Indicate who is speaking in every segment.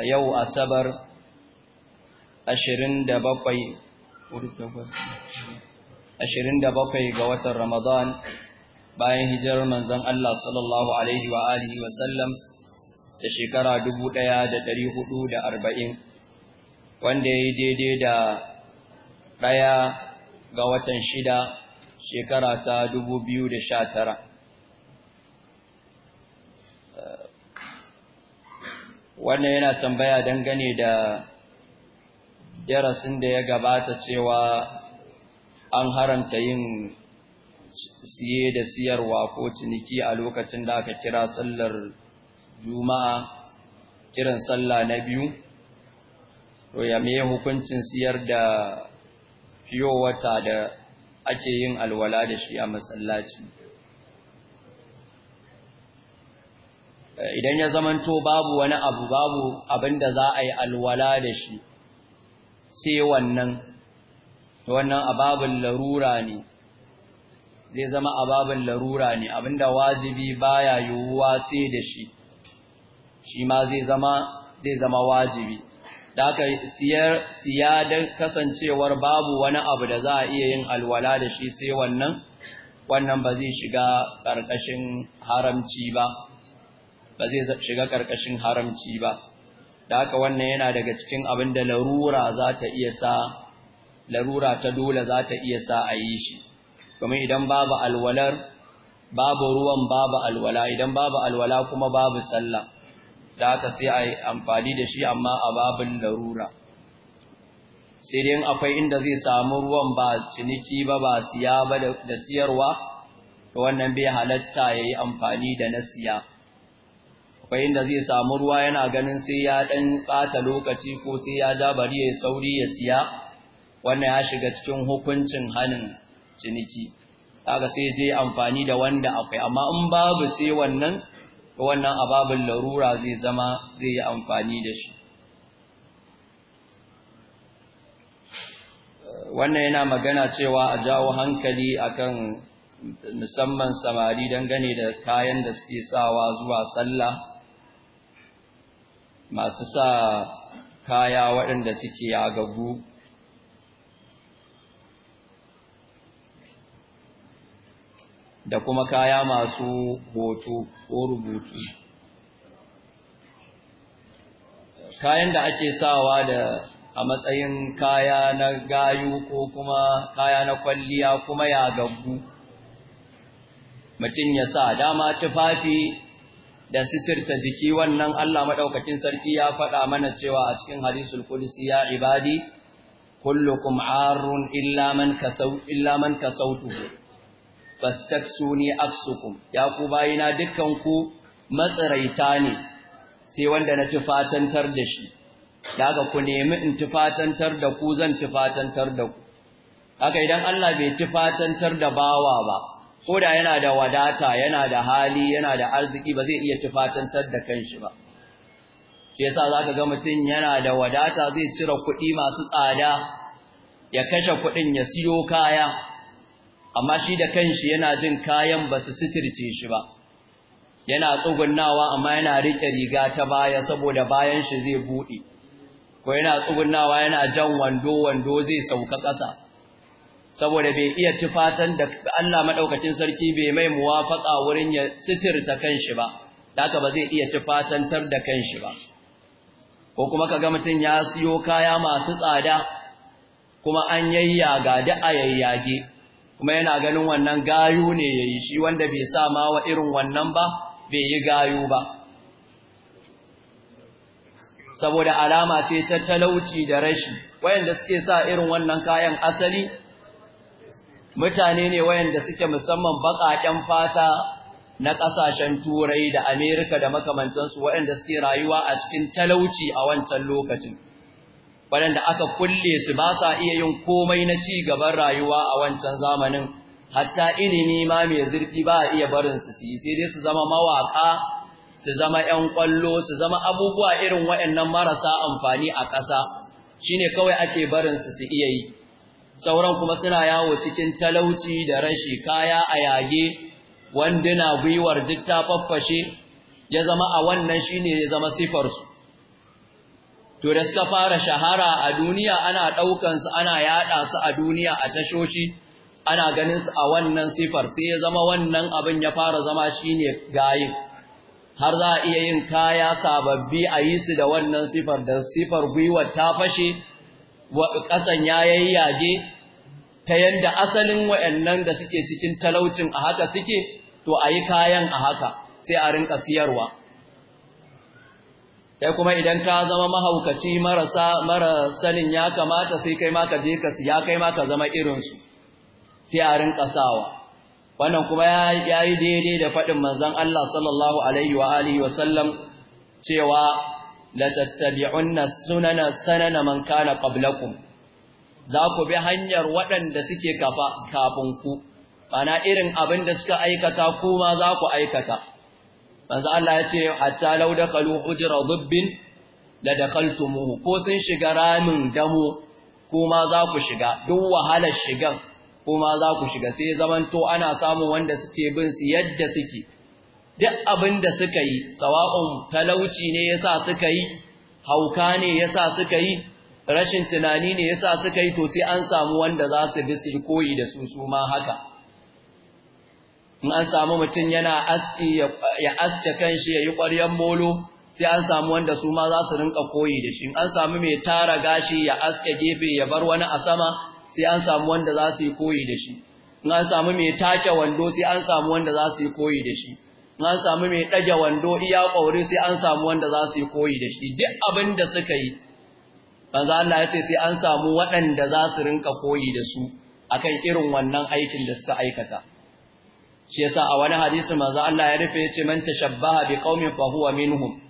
Speaker 1: yau asabar 27 bakwai ga watan Ramadan bayan hijirar manzon Allah sallallahu alaihi wa alihi wa sallam da shekara 1440 wanda ya yi daidai da ɗaya ga watan shida shekara ta 2019 wannan yana tambaya dangane da darasin da ya gabata cewa an haramta yin siye da siyarwa ko ciniki a lokacin da aka kira sallar juma'a kiran sallah na biyu to ya me hukuncin siyar da fiyo wata da ake yin alwala da shi a masallaci idan ya zamanto babu wani abu babu abinda za a yi alwala da shi sai wannan wannan ababin larura ne zai zama ababin larura ne abinda wajibi baya yiwuwa sai da shi shi ma zai zama zai zama wajibi da aka siyar siyadar kasancewar babu wani abu da za a iya yin alwala da shi sai wannan wannan ba zai shiga ƙarƙashin haramci ba ba zai shiga karkashin haramci ba da haka wannan yana daga cikin abin da larura za ta iya sa larura ta dole za ta iya sa a yi shi domin idan babu alwalar babu ruwan babu alwala idan babu alwala kuma babu sallah da haka sai a amfani da shi amma a babin larura sai dai akwai inda zai samu ruwan ba ciniki ba ba siya ba da siyarwa wannan bai halatta ya yi amfani da na siya akwai da zai samu ruwa yana ganin sai ya ɗan ɓata lokaci ko sai ya ja bari ya sauri ya siya wannan ya shiga cikin hukuncin hannun ciniki kaga sai zai amfani da wanda akwai amma in babu sai wannan wannan ababin larura zai zama zai yi amfani da shi wannan yana magana cewa a jawo hankali akan musamman samari dangane da kayan da suke sawa zuwa sallah masu sa kaya waɗanda suke gabu, da kuma kaya masu hoto ko rubutu kayan da ake sawa da a matsayin kaya na gayu ko kuma kaya na kwalliya kuma ya gabu, mutum ya sa dama tufafi da sitirta jiki wannan Allah madaukakin sarki ya faɗa mana cewa a cikin hadisul qudsi ya ibadi kullukum arun illa man kasau illa man kasautu fastaksuni afsukum ya ku bayina dukkan ku matsaraita ne sai wanda na tufatantar da shi daga ku nemi in tufatantar da ku zan tufatantar da ku haka idan Allah bai tufatantar da bawa ba ko da yana da wadata yana da hali yana da arziki ba zai iya tufatantar da kanshi ba shi yasa zaka ga mutum yana da wadata zai cire kuɗi masu tsada ya kashe kuɗin ya siyo kaya amma shi da kanshi yana jin kayan ba su sitirce shi ba yana tsugunnawa amma yana riƙe riga ta baya saboda bayan shi zai buɗe ko yana tsugunnawa yana jan wando wando zai sauka ƙasa saboda bai iya tufatan da Allah maɗaukacin sarki bai mai muwafaka wurin ya sitirta kanshi ba da aka ba zai iya tufatantar da kanshi ba ko kuma kaga mutun ya siyo kaya masu tsada kuma an yayyaga da ayayyage kuma yana ganin wannan gayu ne yayi shi wanda bai sa ma wa irin wannan ba bai yi gayu ba saboda alama ce ta talauci da rashi wayanda suke sa irin wannan kayan asali mutane ne wayanda suke musamman baƙaƙen fata na ƙasashen turai da amerika da makamantansu wayanda suke rayuwa a cikin talauci a wancan lokacin wayanda aka kulle su ba sa iya yin komai na ci gaban rayuwa a wancan zamanin hatta ilimi ma mai zurfi ba a iya barin su yi sai dai su zama mawaƙa su zama ƴan ƙwallo, su zama abubuwa irin wayannan marasa amfani a ƙasa, shine kawai ake barin su su iya yi. sauran kuma suna yawo cikin talauci da rashi kaya a yage wanduna gwiwar duk ta faffashe ya zama a wannan shine ya zama sifarsu to da suka fara shahara a duniya ana ɗaukan su ana yaɗa su a duniya a tashoshi ana ganin su a wannan sifar sai ya zama wannan abin ya fara zama shine gayin har za a iya yin kaya sababbi a yi su da wannan sifar da sifar gwiwar ta fashe ƙasan ya yayyage ta yanda asalin wayannan da suke cikin talaucin a haka suke to a yi kayan a haka sai a rinka siyarwa kai kuma idan ka zama mahaukaci marasa mara sanin ya kamata sai kai ma ka je ka siya kai ma ka zama irinsu sai a rinka sawa wannan kuma ya yi daidai da faɗin manzon Allah sallallahu alaihi wa alihi wa sallam cewa latattabi'unna sunana sanana man kana qablakum za ku bi hanyar waɗanda suke kafa kafin ku bana irin abin da suka aikata kuma za ku aikata manzo Allah ya ce hatta law dakalu ujra dubbin la dakhaltumuhu ko sun shiga ramin damo kuma za ku shiga duk wahalar shigan kuma za ku shiga sai zamanto ana samun wanda suke bin su yadda suke duk abin da suka yi sawa'un talauci ne yasa suka yi hauka ne yasa suka yi rashin tunani ne yasa suka yi to sai an samu wanda za su bi su koyi da su su ma haka in an samu mutum yana aski ya aske kanshi ya yi ƙwaryen molo sai an samu wanda su ma za su rinka koyi da shi an samu mai tara gashi ya aske gefe ya bar wani a sama sai an samu wanda za su yi koyi da shi in an samu mai take wando sai an samu wanda za su yi koyi da shi an samu mai ɗage wando iya ƙauri sai an samu wanda za su yi koyi da shi duk abin da suka yi banza Allah ya ce sai an samu waɗanda za su rinka koyi da su akan irin wannan aikin da suka aikata shi yasa a wani hadisi manzo Allah ya rufe yace man tashabbaha bi qaumin fa huwa minhum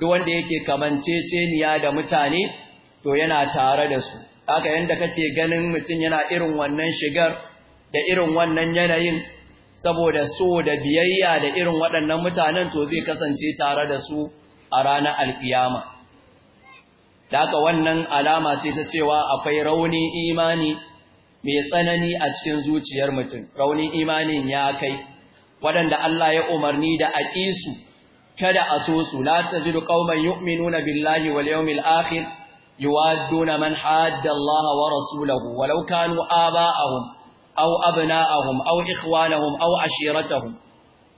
Speaker 1: duk wanda yake kamanceceniya da mutane to yana tare da su haka yanda kace ganin mutum yana irin wannan shigar da irin wannan yanayin saboda so da biyayya da irin waɗannan mutanen to zai kasance tare da su a ranar alkiyama Daga wannan alama ce ta cewa akwai rauni imani mai tsanani a cikin zuciyar mutum raunin imanin ya kai waɗanda Allah ya umarni da a ƙisu, kada a so su la tajidu qauman yu'minuna billahi wal yi akhir na man hadda Allah wa rasulahu walau kanu aba'ahum aw abna'ahum aw ikhwanahum aw ashiratahum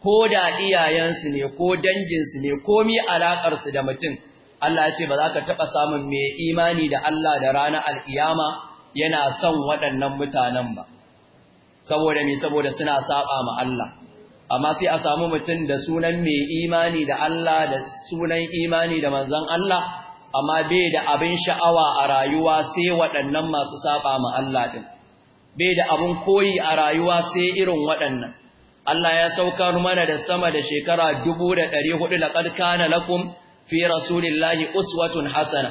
Speaker 1: ko da iyayensu ne ko danginsu ne komi alaƙarsu da mutum Allah ya ce ba za ka taɓa samun mai imani da Allah da ranar alkiyama yana son waɗannan mutanen ba saboda me saboda suna saba ma Allah amma sai a samu mutum da sunan mai imani da Allah da sunan imani da manzon Allah amma bai da abin sha'awa a rayuwa sai waɗannan masu saba ma Allah din bai da abun koyi a rayuwa sai irin waɗannan Allah ya saukar mana da sama da shekara dubu da ɗari hudu laqad na lakum fi rasulillahi uswatun hasana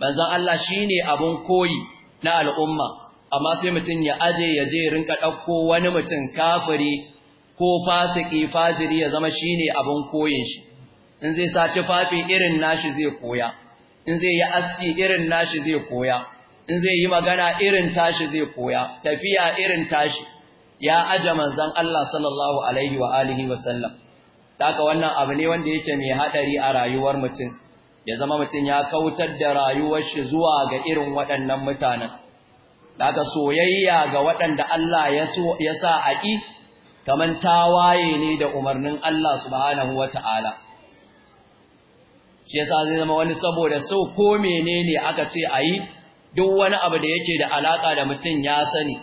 Speaker 1: manzan Allah shi ne abun koyi na al'umma amma sai mutum ya aje ya je rinka ɗauko wani mutum kafiri ko fasiki fajiri ya zama shi ne abun koyin shi in zai sa tufafi irin nashi zai koya in zai yi aski irin nashi zai koya in zai yi magana irin tashi zai koya tafiya irin tashi ya aje manzon Allah sallallahu alaihi wa alihi wa sallam daga wannan abu ne wanda yake mai hadari a rayuwar mutum ya zama mutum ya kautar da rayuwar shi zuwa ga irin waɗannan mutanen daga soyayya ga waɗanda Allah ya sa a ƙi kaman tawaye ne da umarnin Allah subhanahu wata'ala shi yasa zai zama wani saboda so ko menene aka ce a yi duk wani abu da yake da alaka da mutum ya sani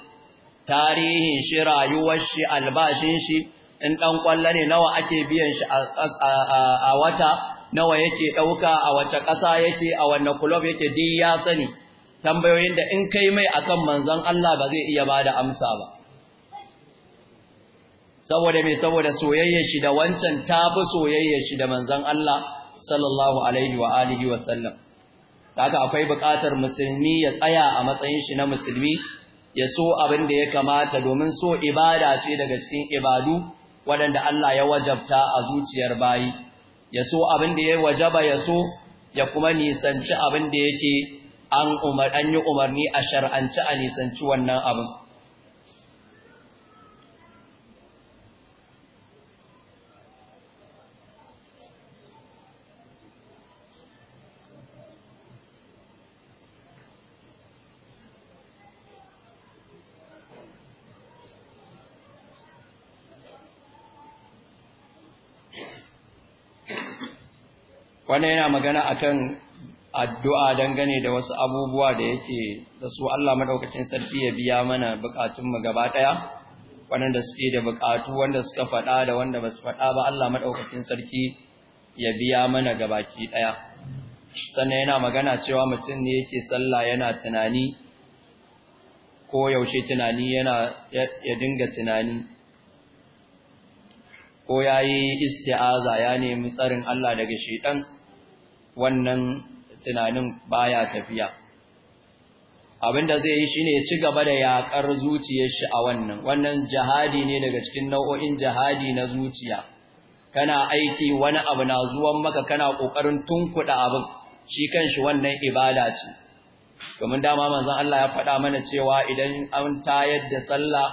Speaker 1: tarihin shi rayuwar shi albashin shi in dan kwalla ne nawa ake biyan shi a wata nawa yake dauka a wace kasa yake a wanne club yake duk ya sani tambayoyin da in kai mai akan manzon Allah ba zai iya bada amsa ba saboda me saboda soyayyar shi da wancan tafi soyayyar shi da manzon Allah sallallahu alaihi wa alihi wa sallam haka akwai buƙatar musulmi ya tsaya a matsayin shi na musulmi ya so abin da ya kamata domin so ibada ce daga cikin ibadu waɗanda Allah ya wajabta a zuciyar bayi ya so abin da ya wajaba ya so ya kuma nisanci abin da yake an an yi umarni a shar'anci a nisanci wannan abin wannan yana magana akan addu'a dangane da wasu abubuwa da yake da su Allah madaukakin sarki ya biya mana bukatun mu gaba daya suke da bukatu wanda suka faɗa da wanda ba su faɗa ba Allah madaukakin sarki ya biya mana gabaki daya sannan yana magana cewa mutum ne yake sallah yana tunani ko yaushe tunani yana ya dinga tunani ko yayi isti'aza ya nemi tsarin Allah daga shedan wannan tunanin baya tafiya abinda zai yi shine ya ci gaba da yakar zuciyar shi a wannan wannan jihadi ne daga cikin nau'o'in jihadi na zuciya kana aiki wani abu na zuwan maka kana kokarin tunkuda abin shi kanshi wannan ibada ce domin dama manzon Allah ya faɗa mana cewa idan an tayar da sallah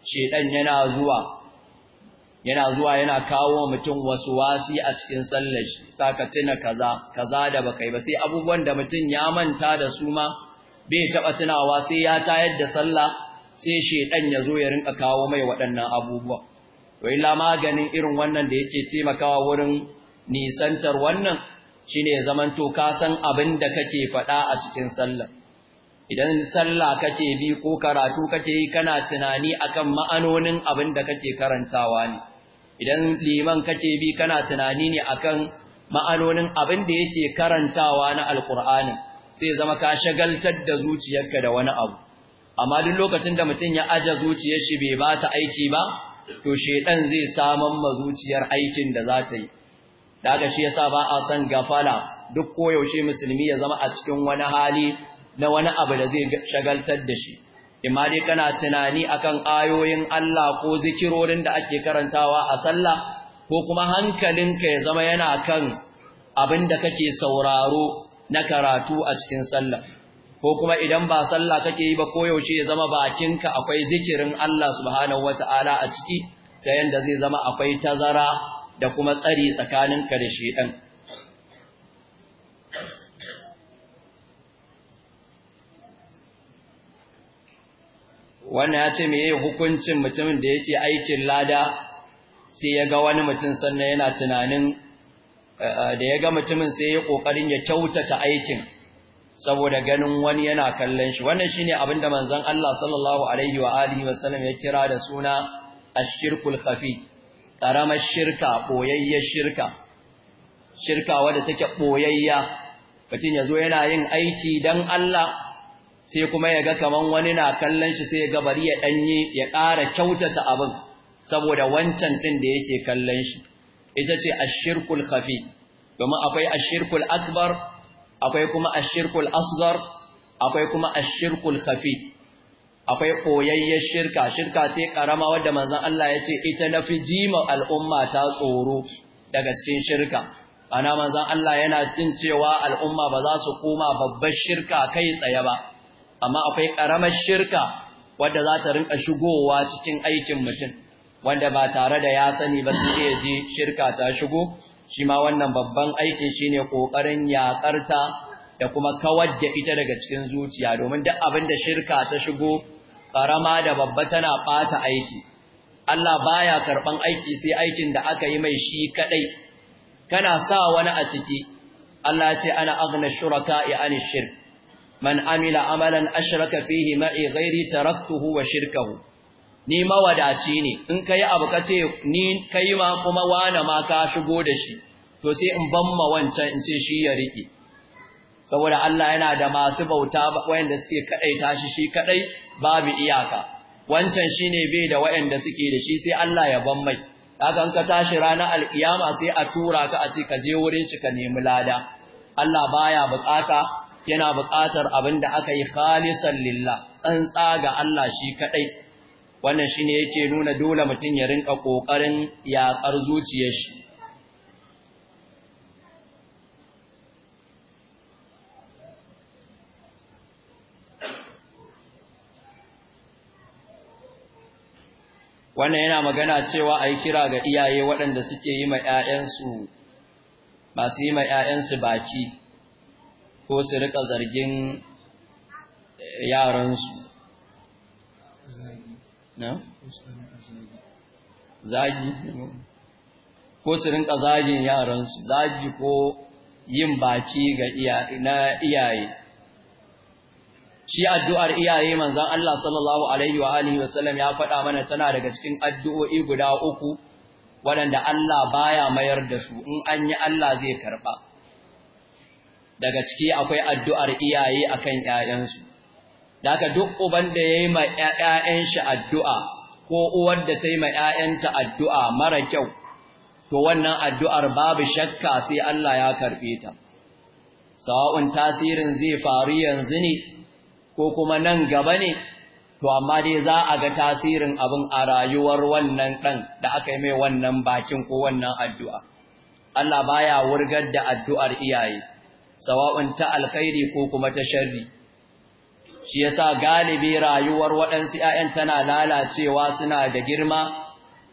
Speaker 1: shedan yana zuwa yana zuwa yana kawo mutum wasu wasi a cikin sallar shi saka tuna kaza kaza da baka yi ba sai abubuwan da mutum ya manta da su ma bai taba tunawa sai ya tayar da sallah sai shedan ya zo ya rinka kawo mai waɗannan abubuwa to illa maganin irin wannan da yake taimakawa wurin nisantar wannan shine ya zamanto ka san abin da kake faɗa a cikin sallah idan sallah kake bi ko karatu kake yi kana tunani akan ma'anonin abin da kake karantawa ne idan liman kake bi kana tunani ne akan ma'anonin abin da yake karantawa na alkur'ani sai zama ka shagaltar da zuciyarka da wani abu amma duk lokacin da mutum ya aje zuciyar shi bai bata aiki ba to shedan zai saman ma zuciyar aikin da za ta yi daga shi yasa ba a san gafala duk koyaushe musulmi ya zama a cikin wani hali na wani abu da zai shagaltar da shi imma dai kana tunani akan ayoyin Allah ko zikirorin da ake karantawa a sallah ko kuma hankalinka ya zama yana kan abin da kake sauraro na karatu a cikin sallah ko kuma idan ba sallah kake yi ba koyaushe ya zama bakinka akwai zikirin Allah subhanahu wata'ala a ciki ta yanda zai zama akwai tazara da kuma tsari tsakaninka da shi ɗan? wannan ya ce yi hukuncin mutumin da yake aikin lada sai ya ga wani mutum sannan yana tunanin eh, eh, da ya ga mutumin sai ya ƙoƙarin ya kyautata aikin saboda ganin wani yana kallon shi wannan shine abin da manzon Allah sallallahu alaihi wa alihi wa sallam ya kira da suna ashirkul khafi karamar shirka boyayyar shirka shirka wadda take ɓoyayya, mutum ya zo yana yin aiki dan Allah sai kuma ya ga kaman wani na kallon shi sai ya ga bari ya ɗanye, ya ƙara kyautata abin saboda wancan din da yake kallon shi ita ce ashirkul khafi domin akwai ashirkul akbar akwai kuma ashirkul asghar akwai kuma ashirkul khafi akwai koyayyen shirka shirka ce karama wadda manzon Allah ya ce ita nafi jima al'umma ta tsoro daga cikin shirka ana manzon Allah yana cin cewa al'umma ba za su koma babbar shirka kai tsaye ba amma akwai ƙaramar shirka wadda za ta rinka shigowa cikin aikin mutum wanda ba tare da ya sani ba sai ya ji shirka ta shigo shi ma wannan babban aiki shine kokarin yaƙarta da kuma kawar da ita daga cikin zuciya domin duk abin da shirka ta shigo ƙarama da babba tana ɓata aiki Allah baya karɓan aiki sai aikin da aka yi mai shi kaɗai kana sa wani a ciki Allah ce ana aghna shuraka ya ani shirk man amila amalan ashraka fihi ma'i ghairi taraktuhu wa shirkahu ni mawadaci ne in kai abu kace ni kai ma kuma wani ma ka shigo da shi to sai in ban ma wancan in ce shi ya rike saboda Allah yana da masu bauta wanda suke kadai tashi shi kadai babu iyaka wancan shine bai da wayanda suke da shi sai Allah ya ban mai kaga an ka tashi ranar alkiyama sai a tura ka a ce ka je wurin shi ka nemi lada Allah baya bukata yana buƙatar abin da aka yi khalisan lillah tsantsa ga Allah shi kaɗai wannan shine yake nuna dole mutum ya rinka ƙoƙarin yaƙar zuciyar shi wannan yana magana cewa a yi kira ga iyaye waɗanda suke yi ma 'ya'yansu masu yi ma 'ya'yansu baki ko su rika zargin eh, yaransu na? zagi ko su rinka zagin yaransu zagi ko yin baki ga na iyaye shi addu'ar iyaye manzan Allah sallallahu alaihi wa alihi wasallam ya faɗa mana tana daga cikin addu'o'i guda uku waɗanda Allah baya mayar da su in an yi Allah zai karɓa daga ciki akwai addu'ar iyaye kan 'ya'yansu. da haka duk uban da yi ma 'ya'yan shi addu'a ko uwar da ta yi ma 'ya'yanta addu'a mara kyau to wannan addu'ar babu shakka sai Allah ya karɓi ta sawa'un tasirin zai faru yanzu ne ko kuma nan gaba ne to amma dai za a ga tasirin abin a rayuwar wannan ɗan da aka yi mai wannan bakin ko wannan addu'a. Allah baya wurgar da addu'ar iyaye. sawa'un ta alkhairi ko kuma ta sharri shi yasa galibi rayuwar waɗansu ‘ya'yan tana lalacewa suna da girma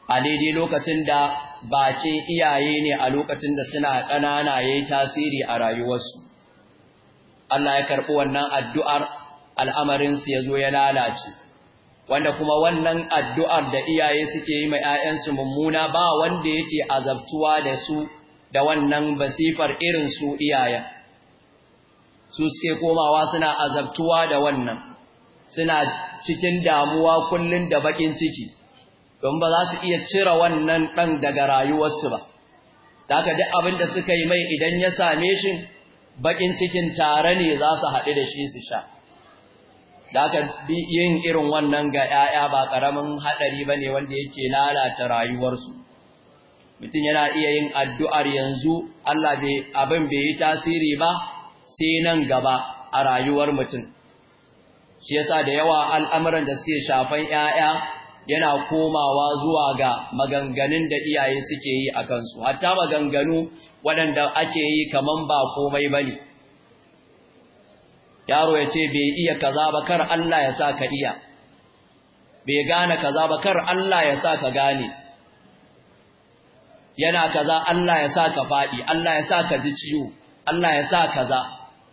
Speaker 1: a daidai lokacin da bace iyaye ne a lokacin da suna ƙanana yayin tasiri a rayuwarsu. Allah ya karbi wannan addu'ar al'amarinsu ya zo ya lalace, wanda kuma wannan addu'ar da iyaye suke yi ma ‘ya'yansu mummuna ba wanda yake azabtuwa da su da wannan basifar irin su iyayen. su suke komawa suna azabtuwa da wannan suna cikin damuwa kullun da bakin ciki don ba za su iya cire wannan ɗan daga rayuwarsu ba taka duk abin da suka yi mai idan ya same shi bakin cikin tare ne za su haɗu da shi su sha daga yin irin wannan ga 'ya'ya ba ƙaramin haɗari ba ne wanda yake lalata rayuwarsu mutum yana iya yin addu'ar yanzu Allah abin bai yi tasiri ba sai nan gaba a rayuwar mutum shi yasa da yawa al'amuran da suke shafan ‘ya'ya yana komawa zuwa ga maganganun da iyaye suke yi a kansu hatta maganganu waɗanda ake yi kamar ba komai ba ne yaro ya ce bai iya kaza ba kar Allah ya sa ka iya bai gane kaza ba kar Allah ya sa ka gane yana kaza Allah ya sa ka faɗi Allah ya sa ka ji ciwo Allah ya sa kaza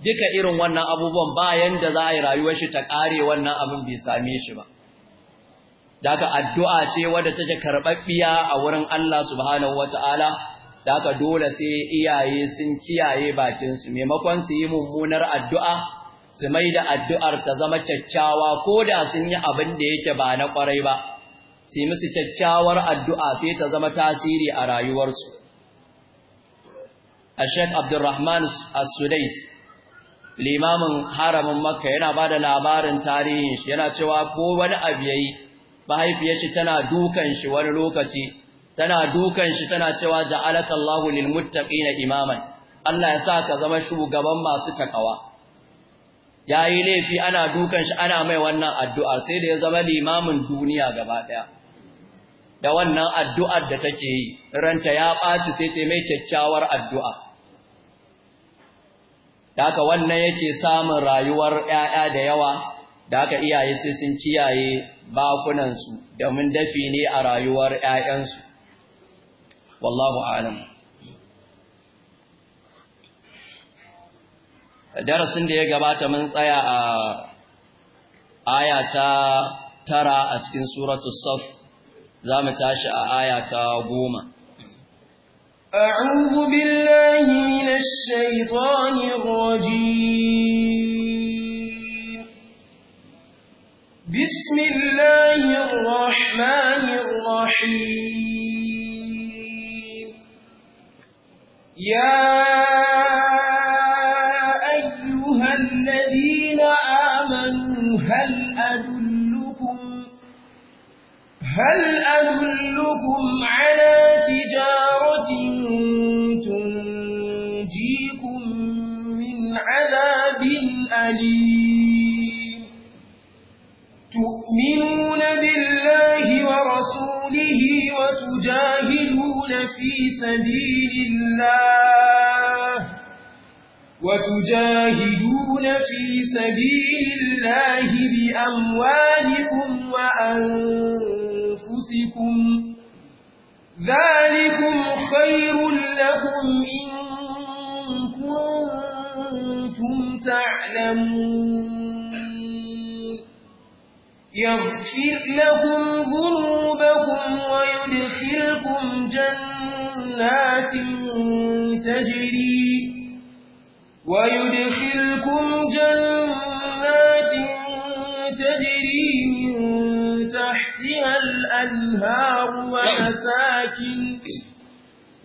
Speaker 1: duka irin wannan abubuwan bayan da za a yi rayuwar shi ta kare wannan abin bai same shi ba daga addu'a ce wadda take karbabbiya a wurin Allah subhanahu wata'ala daga dole sai iyaye sun ciyaye bakin su maimakon su yi mummunar addu'a su mai da addu'ar ta zama kyakkyawa ko da sun yi abin da yake ba na kwarai ba sai musu kyakkyawar addu'a sai ta zama tasiri a rayuwarsu Sheikh Abdulrahman As-Sudais limamin haramin Makka yana bada labarin tarihin shi yana cewa ko wani abu yayi mahaifiyar shi tana dukan shi wani lokaci tana dukan shi tana cewa ja'alakallahu lilmuttaqina imaman Allah ya sa ka zama shugaban masu takawa yayi laifi ana dukan shi ana mai wannan addu'a sai da ya zama limamin duniya gaba daya da wannan addu'ar da take yi ranta ya ɓaci sai ta mai kyakkyawar addu'a da haka wannan yake samun rayuwar ‘ya'ya da yawa da haka iyaye sai sun kiyaye bakunansu domin dafi ne a rayuwar ‘ya'yansu wallahu alam darasin da ya gabata mun tsaya a aya tara a cikin suratul saf za mu tashi a aya goma
Speaker 2: أعوذ بالله من الشيطان الرجيم بسم الله الرحمن الرحيم يا أيها الذين آمنوا هل أدلكم هل أدلكم على تجارة أليم تؤمنون بالله ورسوله وتجاهدون في سبيل الله وتجاهدون في سبيل الله بأموالكم وأنفسكم ذلكم خير لكم إن كنتم تعلمون يغفر لكم ذنوبكم ويدخلكم جنات تجري ويدخلكم جنات تجري من تحتها الأنهار ومساكن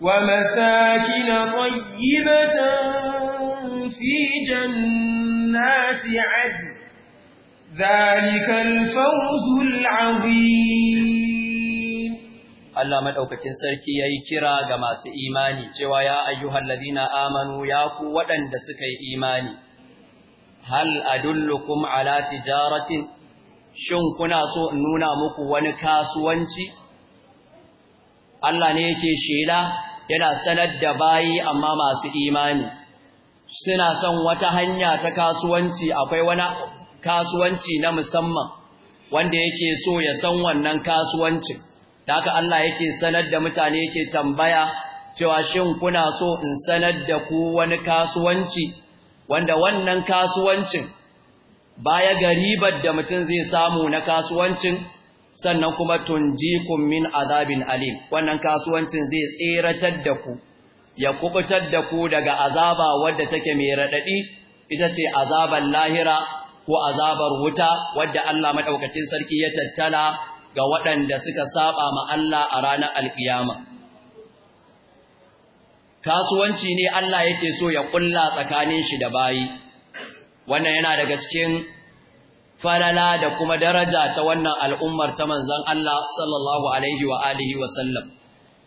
Speaker 2: ومساكن طيبة في جنات عدن ذلك الفوز العظيم
Speaker 1: Allah madaukakin sarki yayi kira ga masu imani cewa ya ayyuhal ladina amanu ya ku waɗanda suka yi imani hal adullukum ala tijaratin shin kuna so in nuna muku wani kasuwanci Allah ne yake shela yana sanar da bayi amma masu imani suna son wata hanya ta kasuwanci akwai wani kasuwanci na musamman wanda yake so ya san wannan kasuwancin da haka Allah yake sanar da mutane yake tambaya cewa shin kuna so in sanar da ku wani kasuwanci wanda wannan kasuwancin baya garibar da mutum zai samu na kasuwancin sannan kuma tunjikum min azabin alim wannan kasuwancin zai tseratar da ku ya kubutar da ku daga azaba wadda take mai raɗaɗi ita ce azabar lahira ko azabar wuta wadda Allah maɗaukacin sarki ya tattala ga waɗanda suka saba ma Allah a ranar alkiyama. Kasuwanci ne Allah yake so ya ƙulla tsakanin shi da bayi, wannan yana daga cikin falala da kuma daraja ta wannan al'ummar ta manzan Allah sallallahu Alaihi wa alihi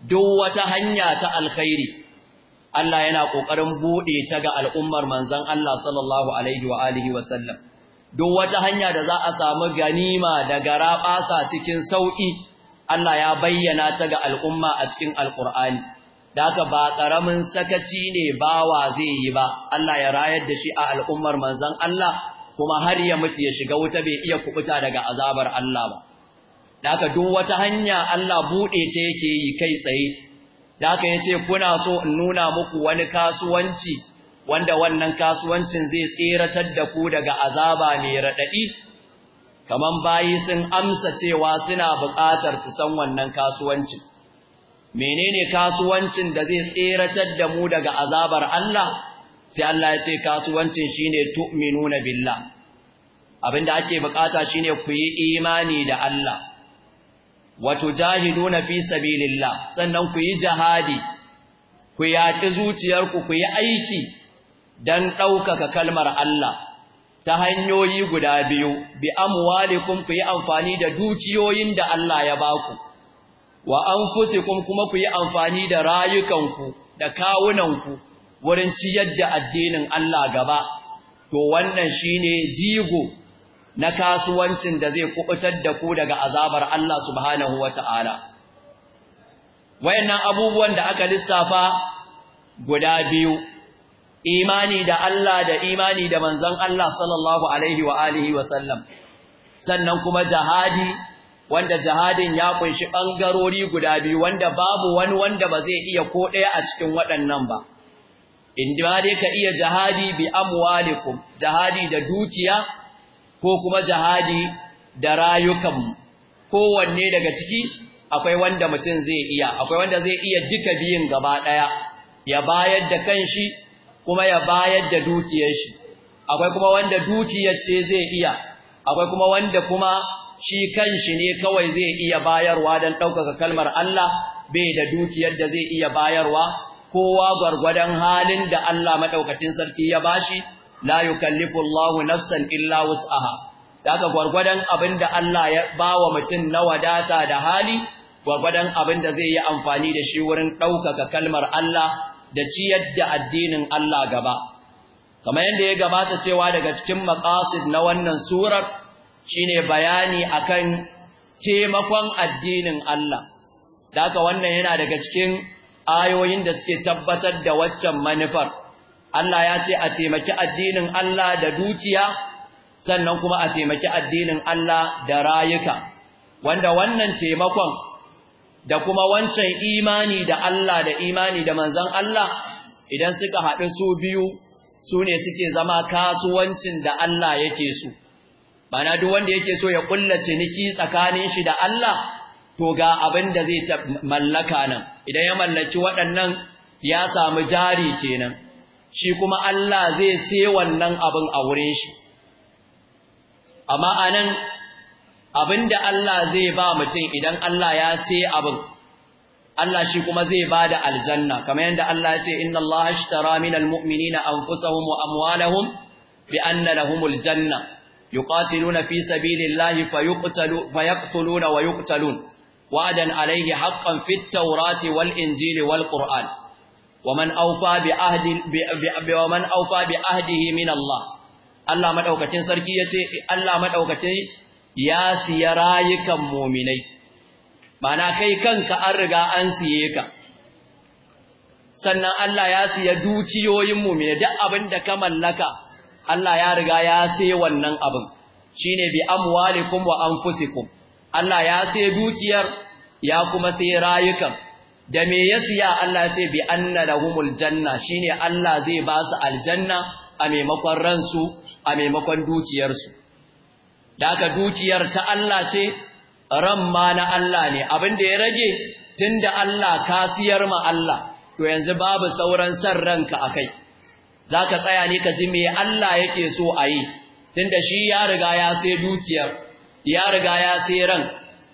Speaker 1: Duk wata hanya ta alkhairi Allah yana ƙoƙarin buɗe ta ga al'ummar manzon Allah sallallahu alaihi wa alihi wa duk wata hanya da za a samu ganima da garaɓasa cikin sauƙi, Allah ya bayyana ta ga al'umma a cikin alqur'ani da haka ba ƙaramin sakaci ne bawa zai yi ba Allah ya rayar da shi a al'ummar manzon Allah kuma har ya mutu ya shiga wuta bai iya kubuta daga azabar Allah ba da haka duk wata hanya Allah buɗe ta yake yi kai tsaye da haka yace kuna so in nuna muku wani kasuwanci wanda wannan kasuwancin zai tseratar da ku daga azaba mai raɗaɗi, kamar bayi sun amsa cewa suna buƙatar su san wannan kasuwancin menene kasuwancin da zai tseratar da mu daga azabar Allah sai Allah ya ce kasuwancin shine tu'minuna billah abinda ake bukata shine ku yi imani da Allah wato jahiduna fi sabilillah sannan ku yi jihadi ku yaƙi zuciyarku ku yi aiki dan ɗaukaka kalmar Allah ta hanyoyi guda biyu bi amwalikum ku yi amfani da dukiyoyin da Allah ya baku wa anfusikum kuma ku yi amfani da rayukanku da kawunanku wurin ciyar da addinin Allah gaba to wannan shine jigo na kasuwancin da zai kubutar da ku daga azabar Allah subhanahu wata'ala wayannan abubuwan da aka lissafa guda biyu imani da Allah da imani da manzon Allah sallallahu alaihi wa alihi wa sallam sannan kuma jihadi wanda jihadin ya kunshi bangarori guda biyu wanda babu wani wanda ba zai iya ko ɗaya a cikin waɗannan ba in dai ka iya jihadi bi amwalikum jihadi da dukiya ko kuma jihadi da rayukan kowanne daga ciki akwai wanda mutum zai iya akwai wanda zai iya duka biyun gaba daya ya bayar da kanshi kuma ya bayar da dukiyar shi akwai kuma wanda dukiyar ce zai iya akwai kuma wanda kuma shi kanshi ne kawai zai iya bayarwa dan ɗaukaka kalmar Allah bai da dukiyar da zai iya bayarwa kowa gwargwadon halin da Allah maɗaukacin sarki ya bashi la yukallifu Allahu nafsan illa wus'aha daga gwargwadon abinda Allah ya bawa mutum na wadata da hali abin abinda zai yi amfani da shi wurin ɗaukaka kalmar Allah da ciyar da addinin Allah gaba kamar yadda ya gabata cewa daga cikin maqasid na wannan surar shine bayani akan taimakon addinin Allah daga wannan yana daga cikin ayoyin da suke tabbatar da waccan manufar Allah ya ce a taimaki addinin Allah da dukiya sannan kuma a taimaki addinin Allah da rayuka wanda wannan taimakon da kuma wancan imani da Allah da imani da manzon Allah idan suka haɗu su biyu su ne suke zama kasuwancin da Allah yake so bana duk wanda yake so ya kulla ciniki tsakanin shi da Allah to ga abin da zai mallaka nan idan ya mallaki waɗannan ya samu jari kenan shi kuma Allah zai sai wannan abin a wurin shi amma anan abinda Allah zai ba mutum idan Allah ya sai abin Allah shi kuma zai ba da aljanna kamar yadda Allah ya ce inna Allah ashtara minal mu'minina anfusahum wa amwalahum bi anna lahumul janna يقاتلون في سبيل الله فيقتلوا Wa'adan ويقتلون وعدا عليه حقا Wal Injili, Wal ƙur'an ومن أوفى بعهد ومن أوفى بعهده من الله الله مدaukakin sarki yace Allah madaukakin ya siya rayukan mu'minai mana kai kanka an riga an siye ka sannan Allah ya siya dukiyoyin mu'minai duk abin da ka mallaka Allah ya riga ya siye wannan abin shine bi amwalikum wa anfusikum Allah ya siya dukiyar ya kuma siya rayukan da me ya siya Allah ce bi anna lahumul janna shine Allah zai ba su aljanna a maimakon ransu a maimakon dukiyarsu da aka dukiyar ta Allah ce ran ma na Allah ne abin da ya rage tunda Allah ka siyar ma Allah to yanzu babu sauran san ranka akai zaka tsaya ne ka ji me Allah yake so a yi tunda shi ya riga ya sai dukiyar ya riga ya sai ran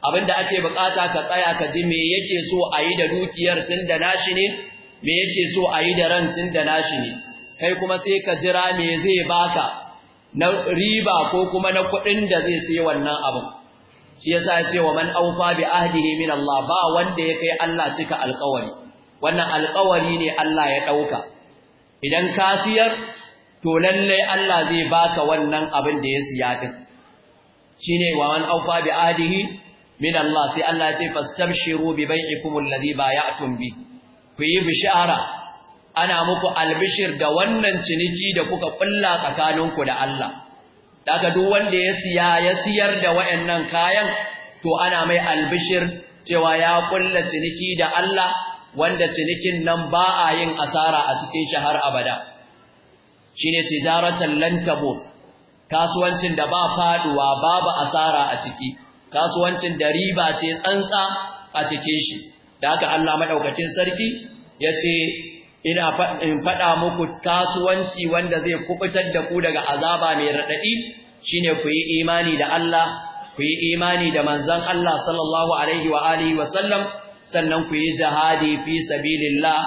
Speaker 1: abinda ake bukata ka tsaya ka ji me yake so a yi da dukiyar tun da nashi ne me yake so a yi da ran tun da nashi ne kai kuma sai ka jira me zai baka na riba ko kuma na kuɗin da zai sai wannan abin shi yasa ya ce wa man awfa bi ahdihi min Allah ba wanda ya kai Allah cika alƙawari wannan alƙawari ne Allah ya ɗauka idan ka siyar to lallai Allah zai baka wannan abin da ya siya ka shine wa man awfa bi ahdihi min Allah sai Allah ya ce fastabshiru bi bai'ikum alladhi bay'atum bi ku yi bishara ana muku albishir da wannan ciniki da kuka kulla tsakaninku da Allah daga duk wanda ya siya ya siyar da wayannan kayan to ana mai albishir cewa ya kulla ciniki da Allah wanda cinikin nan ba a yin asara a cikin shi har abada shine tijaratan lantabo kasuwancin da ba faduwa babu asara a ciki kasuwancin da riba ce tsantsa a cike shi da haka Allah madaukakin sarki yace ina in faɗa muku kasuwanci wanda zai kubutar da ku daga azaba mai radadi shine ku yi imani da Allah ku yi imani da manzon Allah sallallahu alaihi wa alihi wa sallam sannan ku yi jihadi fi sabilillah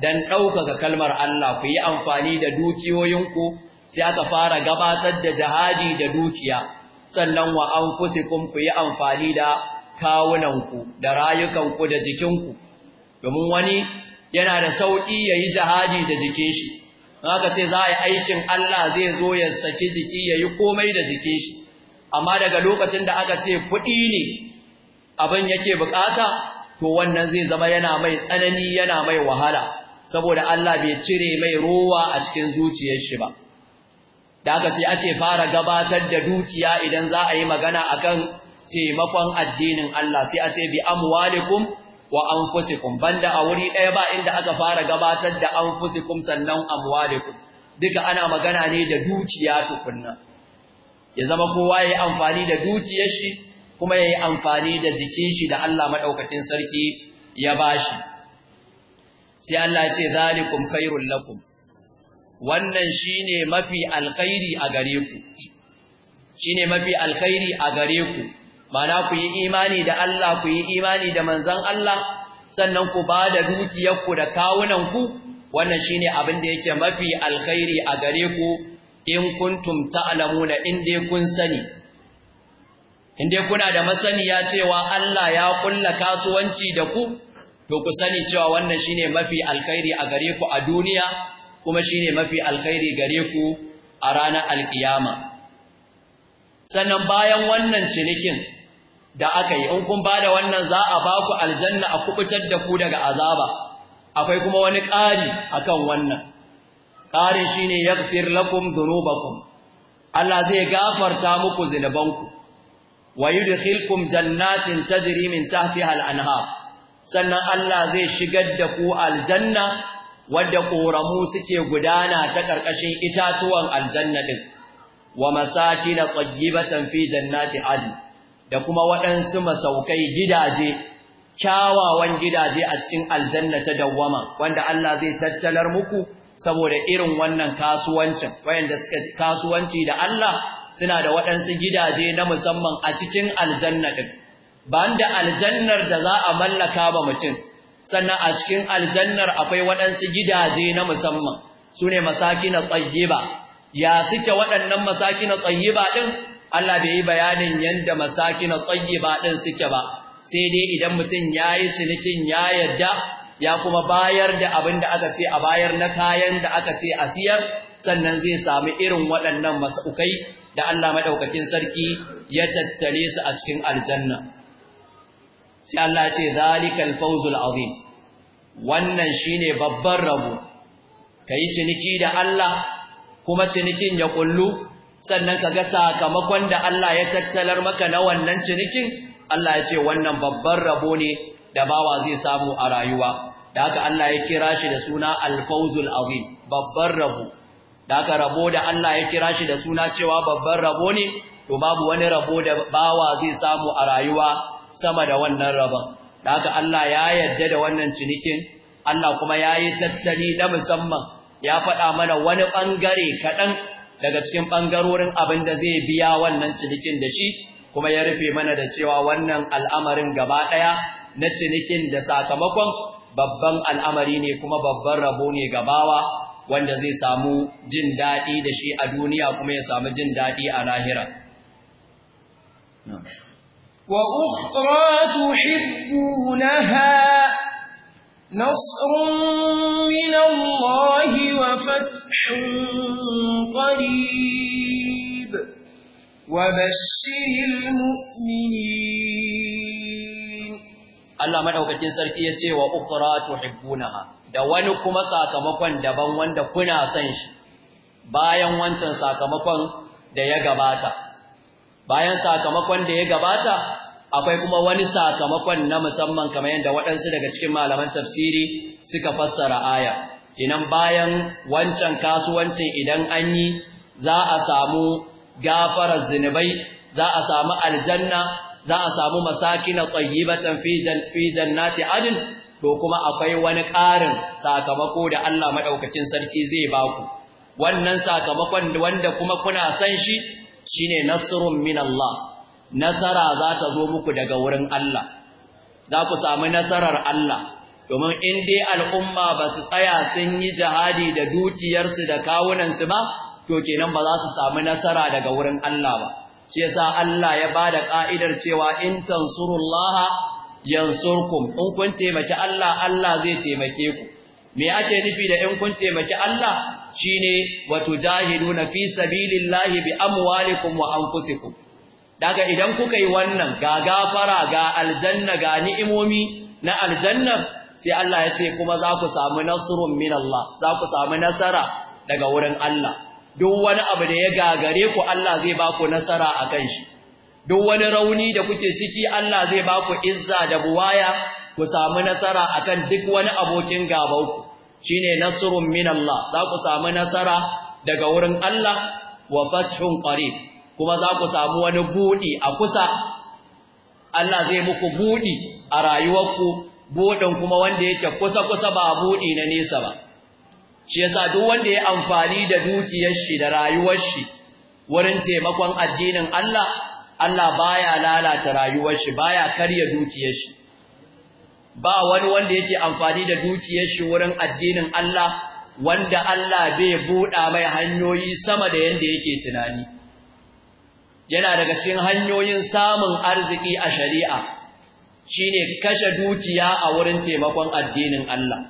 Speaker 1: dan ɗaukaka kalmar Allah ku yi amfani da dukiyoyinku sai aka fara gabatar da jihadi da dukiya sannan wa an anfusikum ku yi amfani da kawunanku da rayukanku da jikinku domin wani yana da sauƙi ya yi jihadi da jikin shi haka ce za a yi aikin Allah zai zo ya saki jiki ya yi komai da jikin shi amma daga lokacin da aka ce kuɗi ne abin yake buƙata, to wannan zai zama yana mai tsanani yana mai wahala saboda Allah bai cire mai rowa a cikin zuciyar shi ba da aka sai ake fara gabatar da dukiya idan za a yi magana akan taimakon addinin Allah sai a ce bi amwalikum wa anfusikum banda a wuri ɗaya ba inda aka fara gabatar da anfusikum sannan amwalikum duka ana magana ne da dukiya tukunna ya zama kowa yayi amfani da dukiyar shi kuma yayi amfani da jikin shi da Allah madaukakin sarki ya bashi sai Allah ya ce zalikum khairul lakum wannan shine mafi alkhairi a gare ku shine mafi alkhairi a gare ku mana ku yi imani da Allah ku yi imani da manzon Allah sannan ku ba da dukiyarku da kawunan ku wannan shine abin da yake mafi alkhairi a gare ku in kuntum ta'lamuna in kun sani in kuna da masaniya cewa Allah ya kulla kasuwanci da ku to ku sani cewa wannan shine mafi alkhairi a gare ku a duniya kuma shine mafi alkhairi gare ku a ranar alkiyama sannan bayan wannan cinikin da aka yi in kun bada wannan za a ba ku aljanna a kubutar da ku daga azaba akwai kuma wani ƙari akan wannan ƙarin shine yaghfir lakum dhunubakum Allah zai gafarta muku zinubanku wa yudkhilkum jannatin tajri min tahtiha al-anhar sannan Allah zai shigar da ku aljanna wadda ƙoramu suke gudana ta ƙarƙashin itatuwan aljanna ɗin, wa masaki na tsaggibatan fi jannati adi, da kuma waɗansu masaukai gidaje, kyawawan gidaje a cikin aljanna ta dawwama, wanda Allah zai tattalar muku saboda irin wannan kasuwancin, wayanda suka kasuwanci da Allah suna da waɗansu gidaje na musamman a cikin aljanna ɗin, ba da aljannar da za a mallaka ba mutum. sannan a cikin aljannar akwai waɗansu gidaje na musamman su ne masakina tsayyiba ya suke waɗannan masakina tsayyiba ɗin Allah bai yi bayanin yadda masakina tsayyiba ɗin suke ba sai dai idan mutum ya yi cinikin ya yadda ya kuma bayar da abin da aka ce a bayar na kayan da aka ce a siyar sannan zai sami irin waɗannan masaukai da Allah maɗaukacin sarki ya tattare su a cikin aljanna. sai Allah ce zalikal fawzul azim wannan shine babban rabo kai ciniki da Allah kuma cinikin ya kullu sannan kaga sakamakon da Allah ya tattalar maka na wannan cinikin Allah ya ce wannan babban rabo ne da bawa zai samu a rayuwa da haka Allah ya kira shi da suna al-fawzul azim babban rabo da haka rabo da Allah ya kira shi da suna cewa babban rabo ne to babu wani rabo da bawa zai samu a rayuwa sama da wannan rabon da haka Allah ya yarda da wannan cinikin Allah kuma ya yi tattali na musamman ya faɗa mana wani ɓangare kaɗan daga cikin ɓangarorin abin da zai biya wannan cinikin da shi kuma ya rufe mana da cewa wannan al'amarin gaba ɗaya na cinikin da sakamakon babban al'amari ne kuma babban rabo ne gabawa wanda zai samu jin daɗi da shi a duniya kuma ya samu jin daɗi a lahira.
Speaker 2: وأخرى تحبونها نصر من الله وفتح قريب وبشر المؤمنين الله
Speaker 1: madaukakin sarki yace wa ukhra tuhibbunaha da wani kuma sakamakon daban wanda kuna son shi bayan wancan sakamakon da ya gabata bayan sakamakon da ya gabata akwai kuma wani sakamakon na musamman kamar yadda waɗansu daga cikin malaman tafsiri suka fassara aya idan bayan wancan kasuwancin idan an yi za a samu gafarar zunubai za a samu aljanna za a samu masakina tsayyibatan fi fi jannati adin, to kuma akwai wani ƙarin sakamako da Allah madaukakin sarki zai ba ku wannan sakamakon wanda kuma kuna san shi shine nasrun min Allah nasara za ta zo muku daga wurin Allah za ku samu nasarar Allah domin in dai al'umma ba su tsaya sun yi jihadi da dukiyarsu da kawunansu ba to kenan ba za su samu nasara daga wurin Allah ba shi yasa Allah ya bada ka'idar cewa in tansurullah yansurkum in kun taimaki Allah Allah zai taimake ku me ake nufi da in kun taimaki Allah shine wato jahiduna fi sabilillahi bi amwalikum wa anfusikum daga idan kuka yi wannan ga gafara ga aljanna ga ni'imomi na aljanna sai Allah ya ce kuma za ku samu nasrun min Allah za ku samu nasara daga wurin Allah duk wani abu da ya gagare ku Allah zai ba ku nasara akan shi duk wani rauni da kuke ciki Allah zai ba ku izza da buwaya ku samu nasara akan duk wani abokin ku. shine nasrun min Allah za ku samu nasara daga wurin Allah wa fathun qarib kuma za ku samu wani budi a kusa Allah zai muku budi a rayuwarku budin kuma wanda yake kusa kusa ba budi na nesa ba shi yasa duk wanda ya amfani da dukiyar shi da rayuwar shi wurin taimakon addinin Allah Allah baya lalata rayuwar shi baya karya dukiyar shi ba wani wanda yake amfani da dukiyar shi wurin addinin Allah wanda Allah bai buɗa mai hanyoyi sama da yanda yake tunani yana daga cikin hanyoyin samun arziki a shari'a shine kashe dukiya a wurin taimakon addinin Allah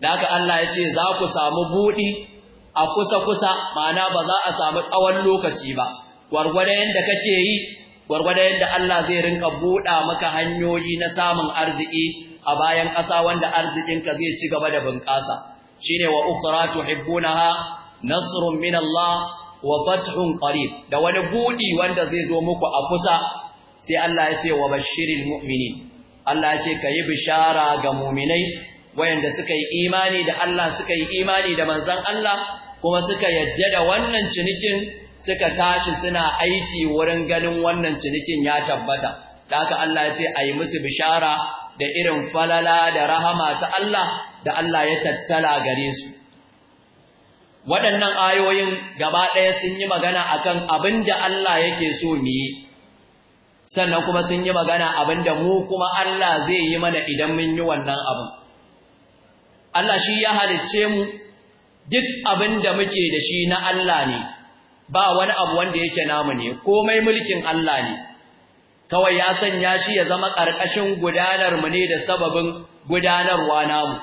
Speaker 1: daga Allah ya ce za ku samu buɗi a kusa-kusa ma'ana ba za a samu tsawon lokaci ba gwargwadon yanda kake yi gwargwadon yadda Allah zai rinka buɗa maka hanyoyi na samun arziki a bayan ƙasa wanda arzikinka zai ci gaba da bunƙasa shine wa ukhra tuhibbunaha nasrun min Allah wa fathun qarib da wani buɗi wanda zai zo muku a kusa sai Allah ya ce wa bashiril mu'minin Allah ya ce kayi bishara ga mu'minai wayanda suka yi imani da Allah suka yi imani da manzon Allah kuma suka yadda da wannan cinikin suka tashi suna aiki wurin ganin wannan cinikin ya tabbata da aka Allah ya ce a yi musu bishara da irin falala da rahama ta Allah da Allah ya tattala gare su waɗannan ayoyin gaba ɗaya sun yi magana a kan abin da Allah yake so mu yi sannan kuma sun yi magana abin da mu kuma Allah zai yi mana idan mun yi wannan abin. Allah shi ya halicce mu duk abin da muke da shi na Allah ne, ba wani abu wanda yake namu ne komai mulkin Allah ne kawai ya sanya shi ya zama ƙarƙashin gudanarmu ne da sababin gudanarwa namu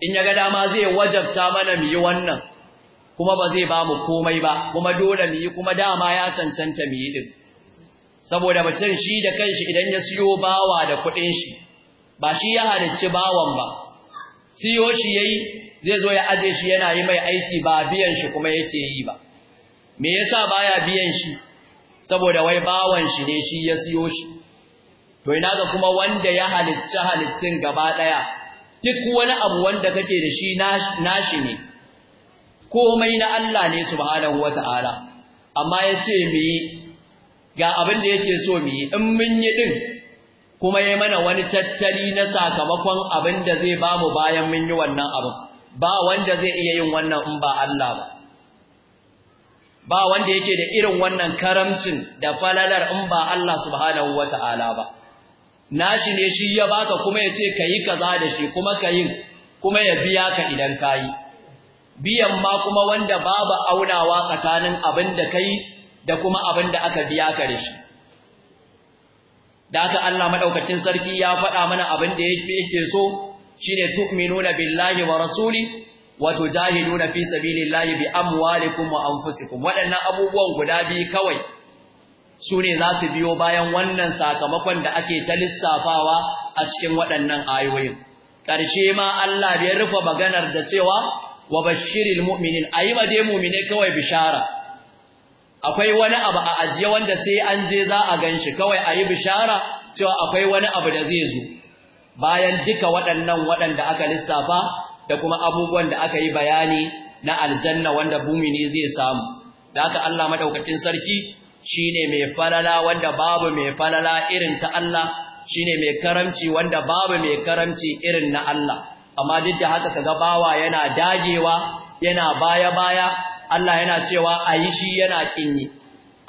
Speaker 1: in ya ga dama zai wajabta mana mu yi wannan kuma ba zai ba mu komai ba kuma dole mu yi kuma dama ya cancanta mu yi din saboda mutum shi da kanshi idan ya siyo bawa da kuɗin shi ba shi ya halarci bawan ba siyo shi yayi zai zo ya aje shi yana yi mai aiki ba biyan shi kuma yake yi ba me yasa baya biyan shi saboda wai bawan shi ne shi ya siyo shi to ina ga kuma wanda ya halicci halittin gaba daya duk wani abu wanda kake da shi nashi ne komai na Allah ne subhanahu wata'ala amma yace me ga abin da yake so mu in mun yi din kuma yayi mana wani tattali na sakamakon abin da zai bamu bayan mun yi wannan abin ba wanda zai iya yin wannan in ba Allah ba ba wanda yake da irin wannan karamcin da falalar in ba Allah subhanahu wata'ala ba nashi ne shi ya baka kuma ya ce kayi kaza da shi kuma kayi kuma ya biya ka idan kayi biyan ma kuma wanda babu aunawa tsakanin abin da kai da kuma abin da aka biya ka da shi da aka Allah madaukakin sarki ya faɗa mana abin da yake so shine tu'minuna billahi wa rasuli wato jahiduna fi sabilillahi bi amwalikum wa anfusikum waɗannan abubuwan guda biyu kawai su ne za su biyo bayan wannan sakamakon da ake ta lissafawa a cikin waɗannan ayoyin ƙarshe ma Allah bai rufe maganar da cewa wa bashiril mu'minin ayi ma dai mu'mine kawai bishara akwai wani abu a ajiye wanda sai an je za a ganshi kawai a yi bishara cewa akwai wani abu da zai zo bayan duka waɗannan waɗanda aka lissafa da kuma abubuwan da aka yi bayani na aljanna wanda bumini zai samu da haka Allah madaukakin sarki shine mai falala wanda babu mai falala irin ta Allah shine mai karamci wanda babu mai karamci irin na Allah amma duk da haka kaga bawa yana dagewa yana baya baya Allah yana cewa ayi shi yana kinyi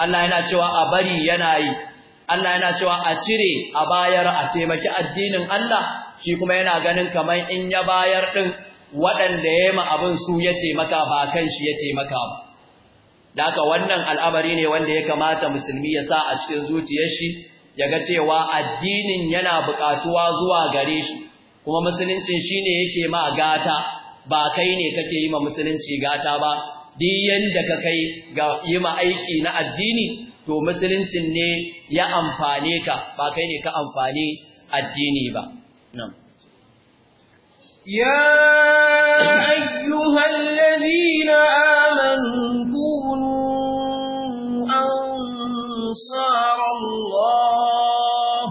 Speaker 1: Allah yana cewa a bari yana yi Allah yana cewa a cire a bayar a taimaki addinin Allah shi kuma yana ganin kamar in ya bayar ɗin waɗanda ya yi abin su ya taimaka ba kan shi ya taimaka ba da haka wannan al'amari ne wanda ya kamata musulmi ya sa a cikin zuciyar shi ya ga cewa addinin yana buƙatuwa zuwa gare shi kuma musuluncin shine yake ma gata ba kai ne kake yi ma musulunci gata ba duk yanda ka kai ga yi ma aiki na addini to musuluncin ne ya amfane ka ba kai ne ka amfani addini ba نعم
Speaker 2: يا أيها الذين آمنوا كونوا أنصار الله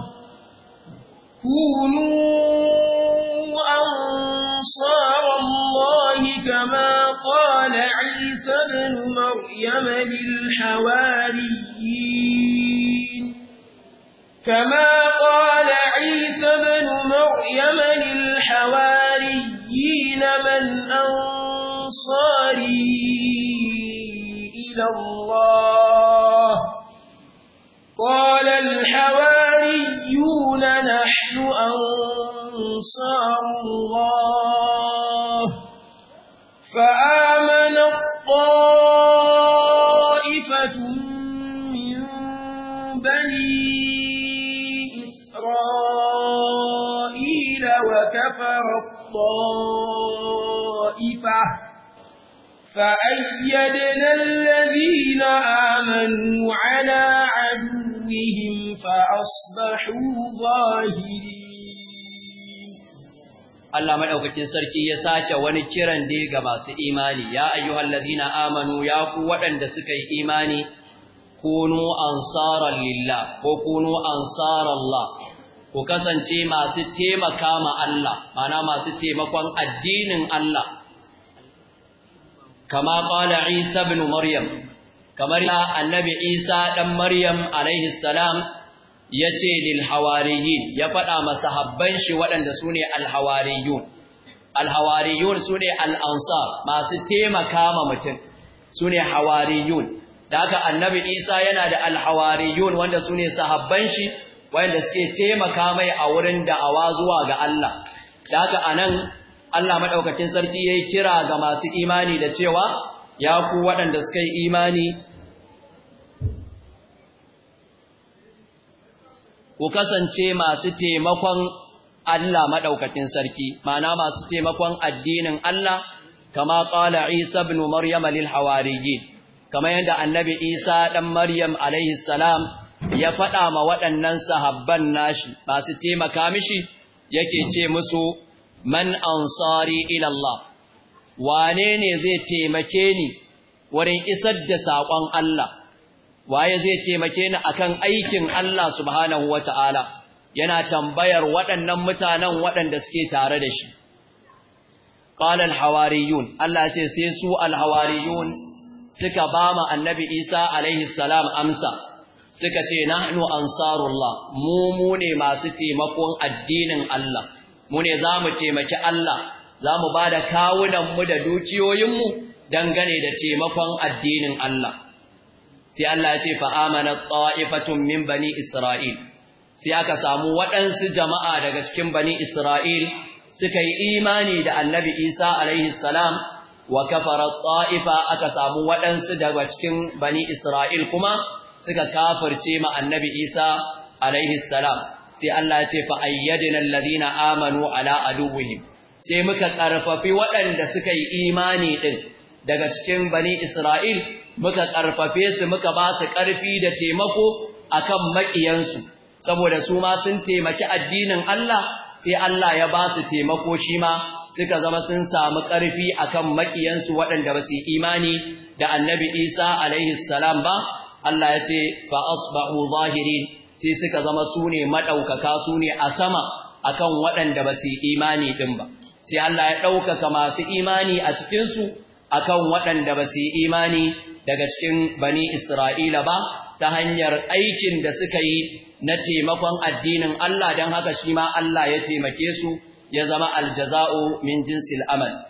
Speaker 2: كونوا أنصار الله كما قال عيسى بن مريم للحواريين كما قال عيسى بن من الحواريين من أنصاري إلى الله قال الحواريون نحن أنصار الله فآمن الطالب طائفة فأيدنا الذين آمنوا على عدوهم فأصبحوا ظاهرين
Speaker 1: الله مدعوكتين سركي يساك ونكرا ديغا ماس إيماني يا أيها الذين آمنوا يا قوة دسكي إيماني كونوا أنصارا لله وكونوا أنصار الله ku kasance masu taimaka ma Allah mana masu taimakon addinin Allah kama qala Isa ibn Maryam kamar ya annabi Isa ɗan Maryam alaihi salam ya ce lilhawariyin ya faɗa masahabban shi waɗanda su ne alhawariyun alhawariyun su ne al'ansar masu taimaka ma mutum su ne hawariyun da haka annabi isa yana da alhawariyun wanda su ne sahabban shi wanda suke taimaka mai a wurin da'awa zuwa ga Allah da haka anan Allah madaukakin sarki yayi kira ga masu imani da cewa ya ku waɗanda suka yi imani ku kasance masu taimakon Allah madaukakin sarki mana masu taimakon addinin Allah kama qala Isa ibn Maryam lil hawariyyin kama yanda annabi Isa dan Maryam alaihi salam ya faɗa ma waɗannan sahabban nashi masu taimaka mishi yake ce musu man ansari ila Allah wane ne zai taimake ni wurin isar da saƙon Allah waye zai taimake ni akan aikin Allah subhanahu wata'ala yana tambayar waɗannan mutanen waɗanda suke tare da shi qala al Allah ce sai su al suka ba annabi Isa alaihi salam amsa suka ce nahnu ansarullah mu mu ne masu taimakon addinin Allah mu ne za mu taimaki Allah za mu ba da kawunan mu da dukiyoyinmu dangane da taimakon addinin Allah sai Allah ya ce fa amana ta'ifatun min bani Isra'il sai aka samu waɗansu jama'a daga cikin bani Isra'il suka yi imani da annabi Isa alaihi salam wa kafara ta'ifa aka samu waɗansu daga cikin bani Isra'il kuma suka kafirce ma annabi Isa alaihi salam sai Allah ya ce fa ayyadna alladhina amanu ala aduwwihim sai muka karfafi waɗanda suka yi imani din daga cikin bani Isra'il muka karfafe su muka ba su karfi da taimako akan makiyansu saboda su ma sun taimaki addinin Allah sai Allah ya ba su taimako shi ma suka zama sun samu karfi akan makiyansu waɗanda ba su yi imani da annabi Isa alaihi salam ba Allah ya ce fa asbahu zahirin sai suka zama su ne madaukaka su ne a sama akan waɗanda ba su imani din ba sai Allah ya ɗaukaka masu imani a cikin su akan waɗanda ba su imani daga cikin bani Isra'ila ba ta hanyar aikin da suka yi na taimakon addinin Allah don haka shi ma Allah ya taimake su ya zama aljaza'u min jinsil amal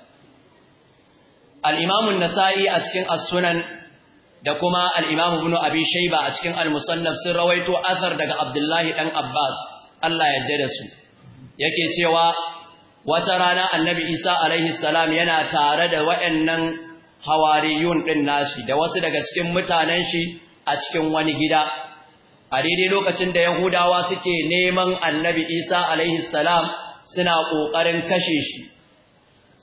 Speaker 1: al-imamun nasa'i a cikin as-sunan da kuma al-Imam abi shai ba a cikin al-Musannaf sun rawaito athar daga Abdullahi Ɗan Abbas Allah ya da su yake cewa wata rana Annabi Isa alaihi salam yana tare da wayannan hawariyun din nashi da wasu daga cikin mutanen shi a cikin wani gida a daidai lokacin da Yahudawa suke neman Annabi Isa alaihi salam suna ƙoƙarin kashe shi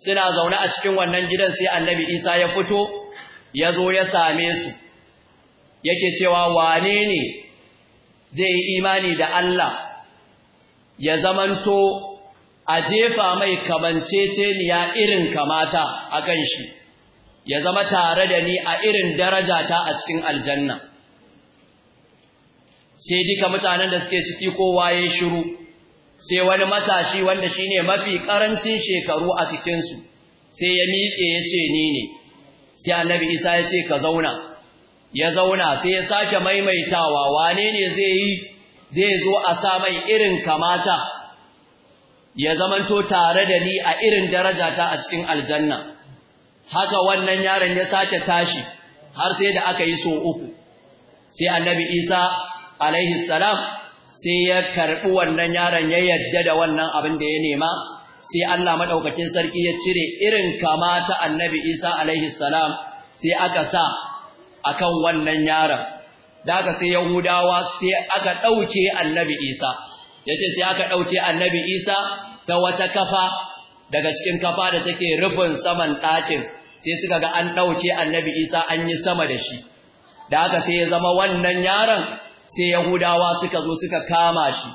Speaker 1: suna zaune a cikin wannan gidan sai Annabi Isa ya fito ya zo ya same su yake cewa wane ne zai yi imani da Allah ya zamanto a jefa mai kamanceceniya irin kamata a kan shi ya zama tare da ni a irin daraja ta a cikin aljanna sai duka mutanen da suke ciki kowa ya shiru sai wani matashi wanda shine mafi karancin shekaru a cikinsu sai ya miƙe ya ce ni ne sai annabi isa ya ce ka zauna ya zauna sai ya sake maimaitawa wane ne zai yi zai zo a sa mai irin kamata ya zamanto tare da ni a irin darajata a cikin aljanna haka wannan yaron ya sake tashi har sai da aka yi so uku sai annabi isa alaihi salam sai ya karɓi wannan yaron ya yarda da wannan abin da ya nema sai Allah madaukakin sarki ya cire irin kama ta Annabi Isa alaihi salam sai aka sa akan wannan yaron da sai Yahudawa sai aka dauke Annabi Isa yace sai aka dauke Annabi Isa ta wata kafa daga cikin kafa da take rubun saman ɗakin sai suka ga an dauke Annabi Isa an yi sama da shi da sai ya zama wannan yaron sai Yahudawa suka zo suka kama shi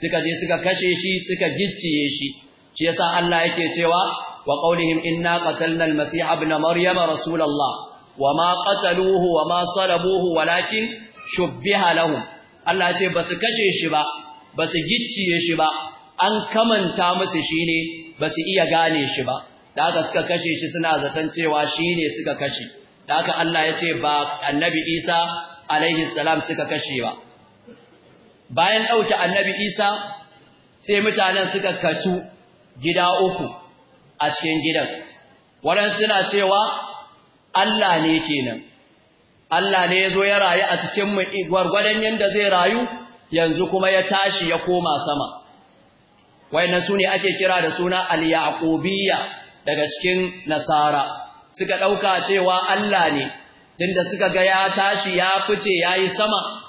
Speaker 1: suka je suka kashe shi suka gicciye shi shi yasa Allah yake cewa wa qaulihim inna qatalna al-masih ibn maryama rasulullah wama qataluhu wama salabuhu walakin shubbiha lahum Allah ce basu kashe shi ba basu gicciye shi ba an kamanta musu shine basu iya gane shi ba da haka suka kashe shi suna zaton cewa shine suka kashe da haka Allah ya ce ba annabi Isa alaihi salam suka kashe ba bayan dauke annabi Isa sai mutanen suka kasu gida uku a cikin gidan waɗansu suna cewa Allah ne kenan Allah ne ya zo ya rayu a cikin mu gwargwadon yanda zai rayu yanzu kuma ya tashi ya koma sama Wai wayannan sune ake kira da suna al-yaqubiyya daga cikin nasara suka dauka cewa Allah ne tunda suka ga ya tashi ya fice yayi sama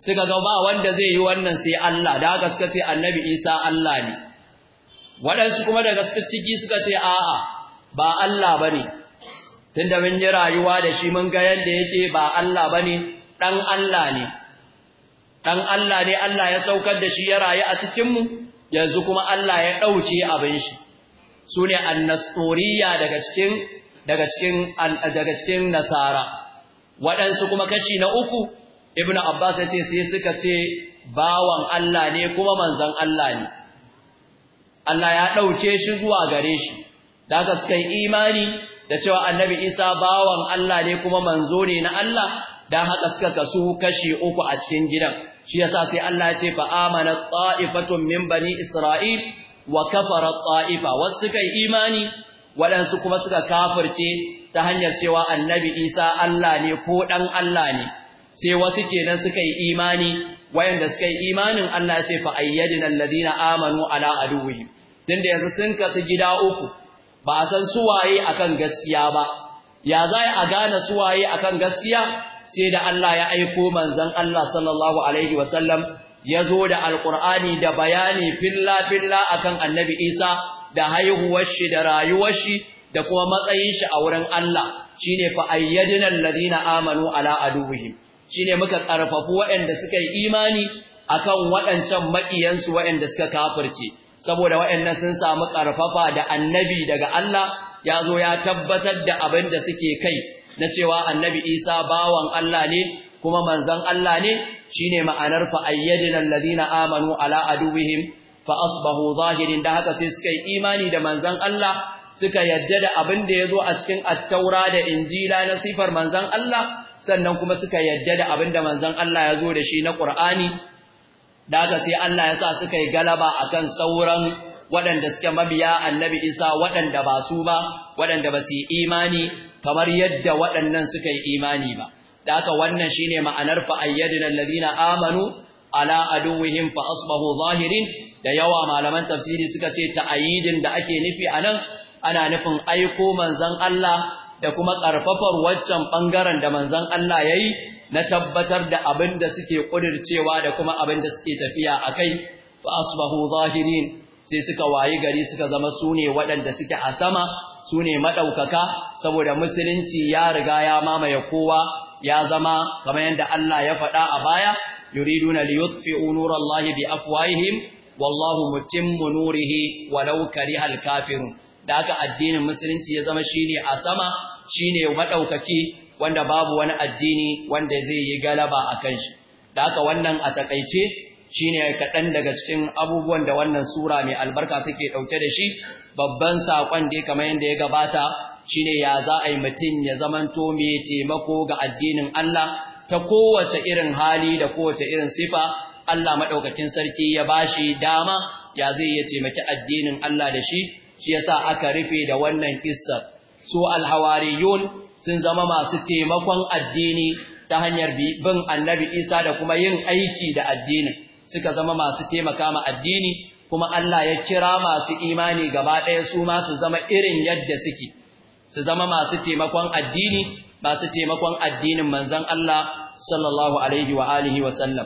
Speaker 1: suka ga ba wanda zai yi wannan sai Allah da haka suka ce annabi Isa Allah ne waɗansu kuma daga suka ciki suka ce a'a ba Allah ba ne tunda mun yi rayuwa da shi mun ga yadda yake ba Allah ba ne ɗan Allah ne ɗan Allah ne Allah ya saukar da shi ya rayu a cikinmu yanzu kuma Allah ya ɗauce abin shi su ne annastoriya daga cikin daga cikin nasara waɗansu kuma kashi na uku ibnu abbas ya ce sai suka ce bawan Allah ne kuma manzon Allah ne Allah ya ɗauke shi zuwa gare shi da haka suka yi imani da cewa annabi isa bawan Allah ne kuma manzo ne na Allah Da haka suka kasu kashi uku a cikin gidan shi yasa sai Allah ya ce fa amana ta'ifatun min bani isra'il wa kafara ta'ifa wasu suka yi imani waɗansu kuma suka kafirce ta hanyar cewa annabi isa Allah ne ko ɗan Allah ne sai wasu kenan suka yi imani wayanda suka yi imanin Allah ya ce fa na ladina amanu ala aduwi. da yanzu sun kasu gida uku ba a san su suwaye akan gaskiya ba ya za a gane suwaye akan gaskiya sai da Allah ya aiko manzon Allah sallallahu alaihi wasallam ya zo da alkur'ani da bayani filla filla akan annabi Isa da haihuwarshi da rayuwarshi shi da kuma matsayin shi a wurin Allah shine fa ayyadna alladhina amanu ala Shi shine muka karfafu waɗanda suka yi imani akan waɗancan makiyansu waɗanda suka kafirce saboda waɗannan sun samu ƙarfafa da annabi daga Allah ya zo ya tabbatar da abin da suke kai na cewa annabi Isa bawan Allah ne kuma manzon Allah ne shine ma'anar fa ayyadina alladhina amanu ala aduwihim fa asbahu zahirin da haka sai suka yi imani da manzon Allah suka yadda da abin da ya zo a cikin attaura da injila na sifar manzon Allah sannan kuma suka yadda da abin da manzon Allah yazo da shi na Qur'ani daga sai Allah ya sa suka yi galaba akan sauran waɗanda suke mabiya annabi Isa waɗanda ba su ba waɗanda ba su yi imani kamar yadda waɗannan suka yi imani ba daga wannan shine ma'anar fa ayyadina alladhina amanu ala aduwwihim fa asbahu zahirin da yawa malaman tafsiri suka ce ta'ayidin da ake nufi anan ana nufin aiko manzon Allah da kuma ƙarfafar waccan ɓangaren da manzon Allah ya yi na tabbatar da abin da suke ƙudircewa da kuma abin da suke tafiya a kai fa zahirin sai suka wayi gari suka zama su ne waɗanda suke a sama su ne maɗaukaka saboda musulunci ya riga ya mamaye kowa ya zama kamar yadda Allah ya faɗa a baya yuriduna liyutfi'u nurallahi bi afwahihim wallahu mutimmu nurihi walau karihal kafirun da haka addinin musulunci ya zama shine a sama shine maɗaukaki. wanda babu wani addini wanda zai yi galaba kan shi da haka wannan a takaice shine kaɗan daga cikin abubuwan da wannan sura mai albarka take ɗauke da shi babban saƙon da kamar yadda ya gabata shine ya za a yi mutum ya zamanto mai taimako ga addinin Allah ta kowace irin hali da kowace irin sifa Allah maɗaukakin sarki ya bashi dama ya zai ya taimaki addinin Allah da shi, shi yasa aka rufe da wannan kissa. Su alhawariyun sun zama masu taimakon addini ta hanyar bin annabi Isa da kuma yin aiki da addinin suka zama masu taimaka ma addini kuma Allah ya kira masu imani gaba ɗaya su ma su zama irin yadda suke su zama masu taimakon addini masu taimakon addinin manzon Allah sallallahu alaihi wa alihi wa sallam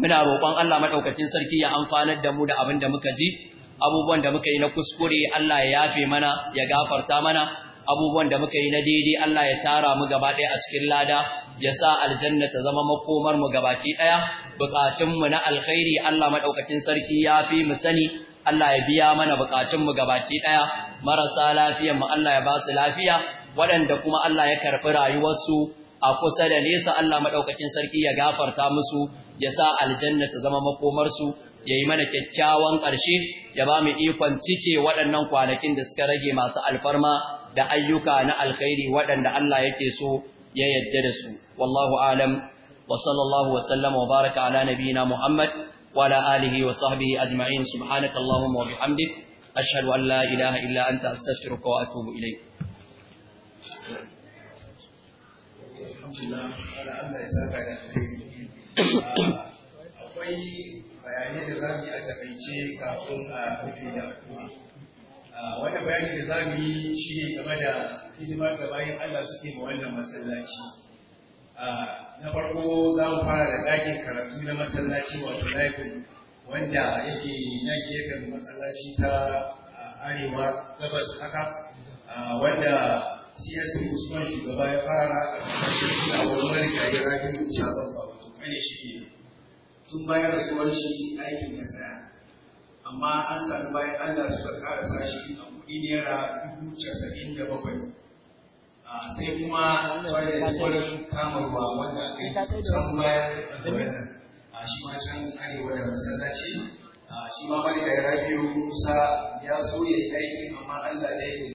Speaker 1: muna roƙon Allah madaukakin sarki ya amfanar da mu da abin da muka ji abubuwan da muka yi na kuskure Allah ya yafe mana ya gafarta mana abubuwan da muka yi na daidai Allah ya tara mu gaba ɗaya a cikin lada ya sa aljanna ta zama makomar mu gabaki ɗaya bukatun mu na alkhairi Allah madaukakin sarki ya fi mu sani Allah ya biya mana bukatun mu gabaki ɗaya marasa lafiyar mu Allah ya ba su lafiya waɗanda kuma Allah ya karɓi rayuwarsu a kusa da nesa Allah madaukakin sarki ya gafarta musu ya sa aljanna ta zama makomar su ya yi mana kyakkyawan ƙarshe ya ba mu ikon cice waɗannan kwanakin da suka rage masu alfarma da ayyuka na alkhairi waɗanda Allah yake so ya yadda da su wallahu alam wa sallallahu wa sallama wa baraka ala nabiyyina muhammad wa ala alihi wa sahbihi ajma'in subhanaka allahumma wa bihamdik ashhadu an la ilaha illa anta astaghfiruka wa atubu ilayk
Speaker 2: alhamdulillah Allah ya saka da akwai bayanai da za mu yi a takaice kafin a rufe da wannan bayani da za mu yi shi ne game da hidimar da bayan Allah suke ma wannan masallaci. Na farko za mu fara da ɗakin karatu na masallaci wato laifin wanda yake na gefen masallaci ta arewa gabas haka wanda CSC Usman shugaba ya fara a ƙarƙashin wani marigayi rafin Chazan Babu, kane shi ke tun bayan rasuwar shi aikin ya tsaya. amma an sami bayan Allah suka karasa shi a kuɗi naira dubu casa'in da bakwai
Speaker 1: sai kuma toilet wurin kama ruwa wanda aka yi can bayan alwaran
Speaker 2: a shi ma can arewa da masallaci shi ma mali da rabiu musa ya so ya yi aikin amma Allah ya ne